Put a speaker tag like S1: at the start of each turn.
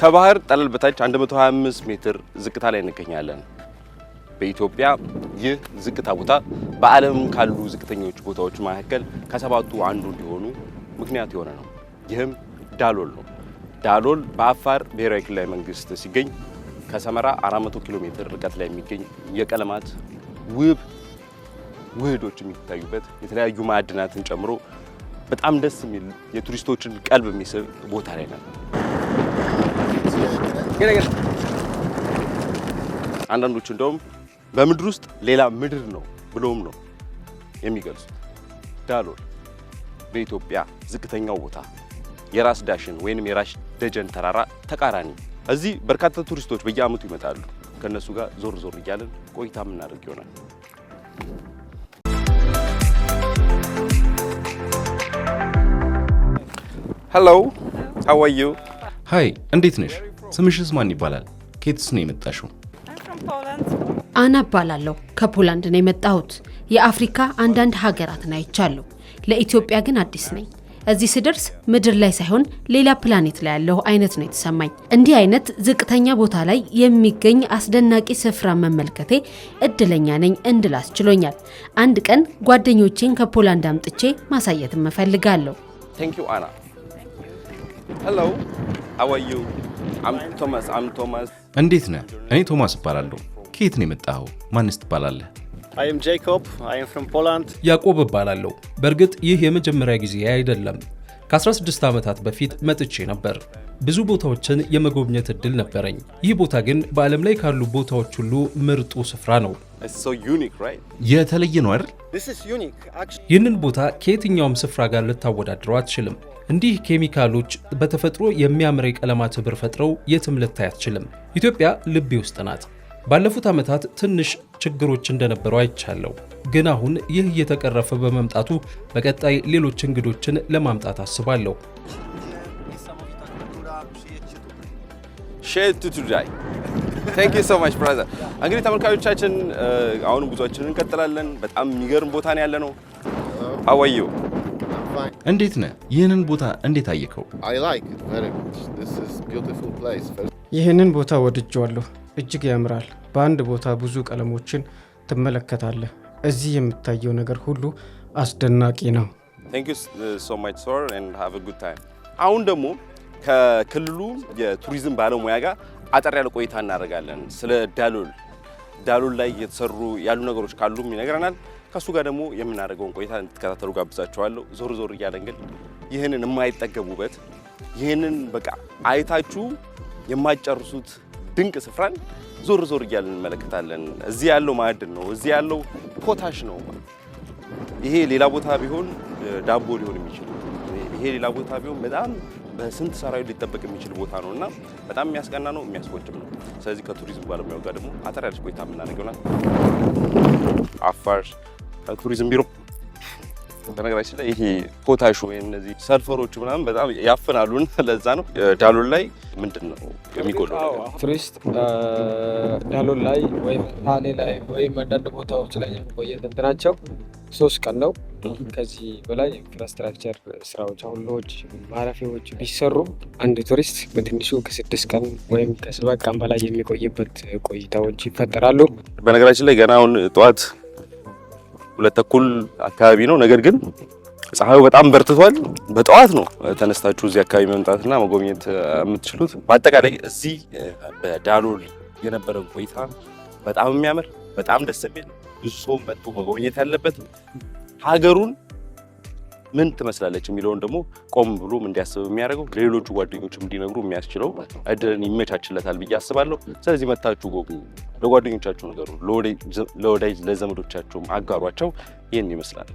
S1: ከባህር ጠለል በታች 125 ሜትር ዝቅታ ላይ እንገኛለን። በኢትዮጵያ ይህ ዝቅታ ቦታ በዓለም ካሉ ዝቅተኞች ቦታዎች መካከል ከሰባቱ አንዱ እንዲሆኑ ምክንያት የሆነ ነው። ይህም ዳሎል ነው። ዳሎል በአፋር ብሔራዊ ክልላዊ መንግስት ሲገኝ ከሰመራ 400 ኪሎ ሜትር ርቀት ላይ የሚገኝ የቀለማት ውብ ውህዶች የሚታዩበት የተለያዩ ማዕድናትን ጨምሮ በጣም ደስ የሚል የቱሪስቶችን ቀልብ የሚስብ ቦታ ላይ ነው። አንዳንዶቹ እንደውም በምድር ውስጥ ሌላ ምድር ነው ብሎም ነው የሚገልጹት። ዳሎል በኢትዮጵያ ዝቅተኛው ቦታ የራስ ዳሽን ወይንም የራስ ደጀን ተራራ ተቃራኒ። እዚህ በርካታ ቱሪስቶች በየዓመቱ ይመጣሉ። ከእነሱ ጋር ዞር ዞር እያለን ቆይታ የምናደርግ ይሆናል።
S2: ሄሎ ሃው አር ዩ
S3: ሀይ፣ እንዴት ነሽ? ስምሽስ ማን ይባላል? ኬትስ ነው የመጣሽው?
S4: አና እባላለሁ። ከፖላንድ ነው የመጣሁት። የአፍሪካ አንዳንድ ሀገራትን አይቻለሁ። ለኢትዮጵያ ግን አዲስ ነኝ። እዚህ ስደርስ ምድር ላይ ሳይሆን ሌላ ፕላኔት ላይ ያለሁ አይነት ነው የተሰማኝ። እንዲህ አይነት ዝቅተኛ ቦታ ላይ የሚገኝ አስደናቂ ስፍራ መመልከቴ እድለኛ ነኝ እንድል አስችሎኛል። አንድ ቀን ጓደኞቼን ከፖላንድ አምጥቼ ማሳየትም እፈልጋለሁ።
S3: እንዴት ነህ? እኔ ቶማስ እባላለሁ። ከየት ነው የመጣኸው? ማንስ ትባላለህ?
S1: ያዕቆብ እባላለሁ። በእርግጥ ይህ የመጀመሪያ ጊዜ አይደለም። ከ16 ዓመታት በፊት መጥቼ ነበር። ብዙ ቦታዎችን የመጎብኘት ዕድል ነበረኝ። ይህ ቦታ ግን በዓለም ላይ ካሉ ቦታዎች ሁሉ ምርጡ ስፍራ ነው።
S3: የተለየ ነው አይደል?
S1: ይህንን ቦታ ከየትኛውም ስፍራ ጋር ልታወዳድረው አትችልም። እንዲህ ኬሚካሎች በተፈጥሮ የሚያምር የቀለማት ህብር ፈጥረው የትም ልታይ አትችልም። ኢትዮጵያ ልቤ ውስጥ ናት። ባለፉት ዓመታት ትንሽ ችግሮች እንደነበሩ አይቻለሁ፣ ግን አሁን ይህ እየተቀረፈ በመምጣቱ በቀጣይ ሌሎች እንግዶችን ለማምጣት አስባለሁ።
S2: ቴንክ ዩ ሶ ማች ብራዘር። እንግዲህ ተመልካቾቻችን አሁን ጉዟችንን እንቀጥላለን። በጣም የሚገርም ቦታ ነው ያለ ነው። አዋዩ
S3: እንዴት ነህ? ይህንን ቦታ እንዴት አየከው?
S1: ይህንን ቦታ ወድጄዋለሁ። እጅግ ያምራል። በአንድ ቦታ ብዙ ቀለሞችን ትመለከታለህ። እዚህ የምታየው ነገር ሁሉ አስደናቂ ነው።
S2: uh,
S1: አሁን ደግሞ ከክልሉ የቱሪዝም ባለሙያ ጋር አጠር ያለ ቆይታ እናደርጋለን። ስለ ዳሉል ዳሎል ላይ የተሰሩ ያሉ ነገሮች ካሉም ይነግረናል። ከእሱ ጋር ደግሞ የምናደርገውን ቆይታ እንድትከታተሉ ጋብዛችኋለሁ። ዞር ዞር እያለን ግን ይህንን የማይጠገቡበት ውበት ይህንን በቃ አይታችሁ የማይጨርሱት ድንቅ ስፍራን ዞር ዞር እያለን እንመለከታለን። እዚህ ያለው ማዕድን ነው፣ እዚህ ያለው ፖታሽ ነው። ይሄ ሌላ ቦታ ቢሆን ዳቦ ሊሆን የሚችል ይሄ ሌላ ቦታ ቢሆን በጣም በስንት ሰራዊት ሊጠበቅ የሚችል ቦታ ነው እና በጣም የሚያስቀና ነው፣ የሚያስቆጭም ነው። ስለዚህ ከቱሪዝም ባለሙያው ጋር ደግሞ አጠር ያለች ቆይታ የምናደርገው ናት። አፋር ቱሪዝም ቢሮ በነገራችን ላይ ይሄ ፖታሽ ወይ እነዚህ ሰልፈሮቹ ምናምን በጣም ያፈናሉን። ለዛ ነው ዳሎል ላይ ምንድን ነው የሚጎለው
S5: ቱሪስት ዳሎል ላይ ወይም ታሌ ላይ ወይም አንዳንድ ቦታዎች ላይ የቆየት እንትናቸው ሶስት ቀን ነው። ከዚህ በላይ ኢንፍራስትራክቸር ስራዎች ሎጅ ማረፊያዎች ቢሰሩ አንድ ቱሪስት በትንሹ ከስድስት ቀን ወይም ከሰባት ቀን በላይ የሚቆይበት ቆይታዎች ይፈጠራሉ።
S1: በነገራችን ላይ ገና አሁን ጠዋት ሁለት ተኩል አካባቢ ነው። ነገር ግን ፀሐዩ በጣም በርትቷል። በጠዋት ነው ተነስታችሁ እዚህ አካባቢ መምጣትና መጎብኘት የምትችሉት። በአጠቃላይ እዚህ በዳሎል የነበረው ቆይታ በጣም የሚያምር በጣም ደስ የሚል ብዙ ሰው መጥቶ መጎብኘት ያለበት ሀገሩን ምን ትመስላለች የሚለውን ደግሞ ቆም ብሎም እንዲያስብ የሚያደርገው ለሌሎቹ ጓደኞችም እንዲነግሩ የሚያስችለው እድልን ይመቻችለታል ብዬ አስባለሁ። ስለዚህ መታችሁ ጎብኙ፣ ለጓደኞቻችሁ ነገሩ፣ ለወዳጅ ለዘመዶቻችሁም አጋሯቸው። ይህን ይመስላል።